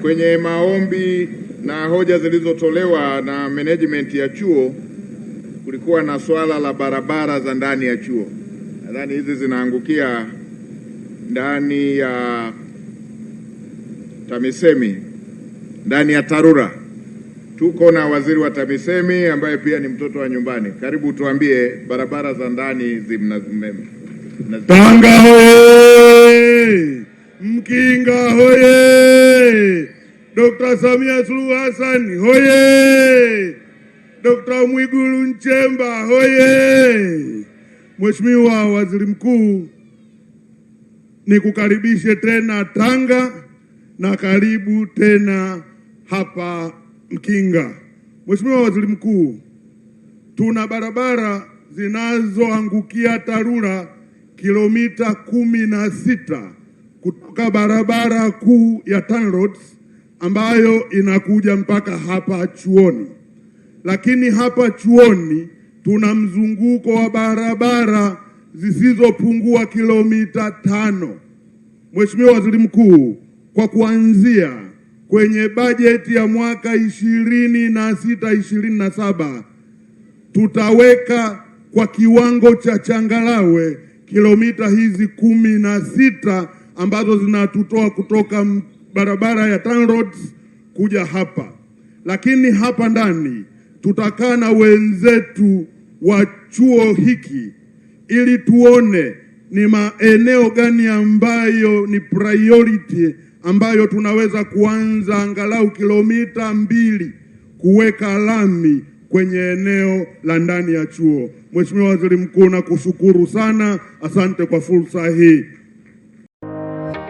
Kwenye maombi na hoja zilizotolewa na management ya chuo, kulikuwa na swala la barabara za ndani ya chuo. Nadhani hizi zinaangukia ndani ya TAMISEMI, ndani ya TARURA. Tuko na waziri wa TAMISEMI ambaye pia ni mtoto wa nyumbani. Karibu tuambie, barabara za ndani Tanga hoye! Mkinga hoye! Dr. Samia Suluhu Hassan hoye! Dr. Mwigulu Nchemba hoye! Mheshimiwa Waziri Mkuu, nikukaribishe tena Tanga na karibu tena hapa Mkinga. Mheshimiwa Waziri Mkuu, tuna barabara zinazoangukia TARURA kilomita kumi na sita kutoka barabara kuu ya TANROADS ambayo inakuja mpaka hapa chuoni, lakini hapa chuoni tuna mzunguko wa barabara zisizopungua kilomita tano. Mheshimiwa Waziri Mkuu, kwa kuanzia kwenye bajeti ya mwaka ishirini na sita ishirini na saba tutaweka kwa kiwango cha changalawe kilomita hizi kumi na sita ambazo zinatutoa kutoka barabara ya Town Roads kuja hapa, lakini hapa ndani tutakaa na wenzetu wa chuo hiki ili tuone ni maeneo gani ambayo ni priority ambayo tunaweza kuanza angalau kilomita mbili kuweka lami kwenye eneo la ndani ya chuo. Mheshimiwa Waziri Mkuu, nakushukuru sana, asante kwa fursa hii.